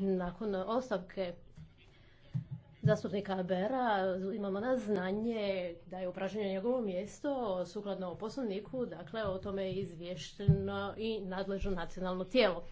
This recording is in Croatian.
nakon ostavke zastupnika Bera imamo na znanje da je upražnjeno njegovo mjesto sukladno poslovniku, dakle o tome je izvješteno i nadležno nacionalno tijelo.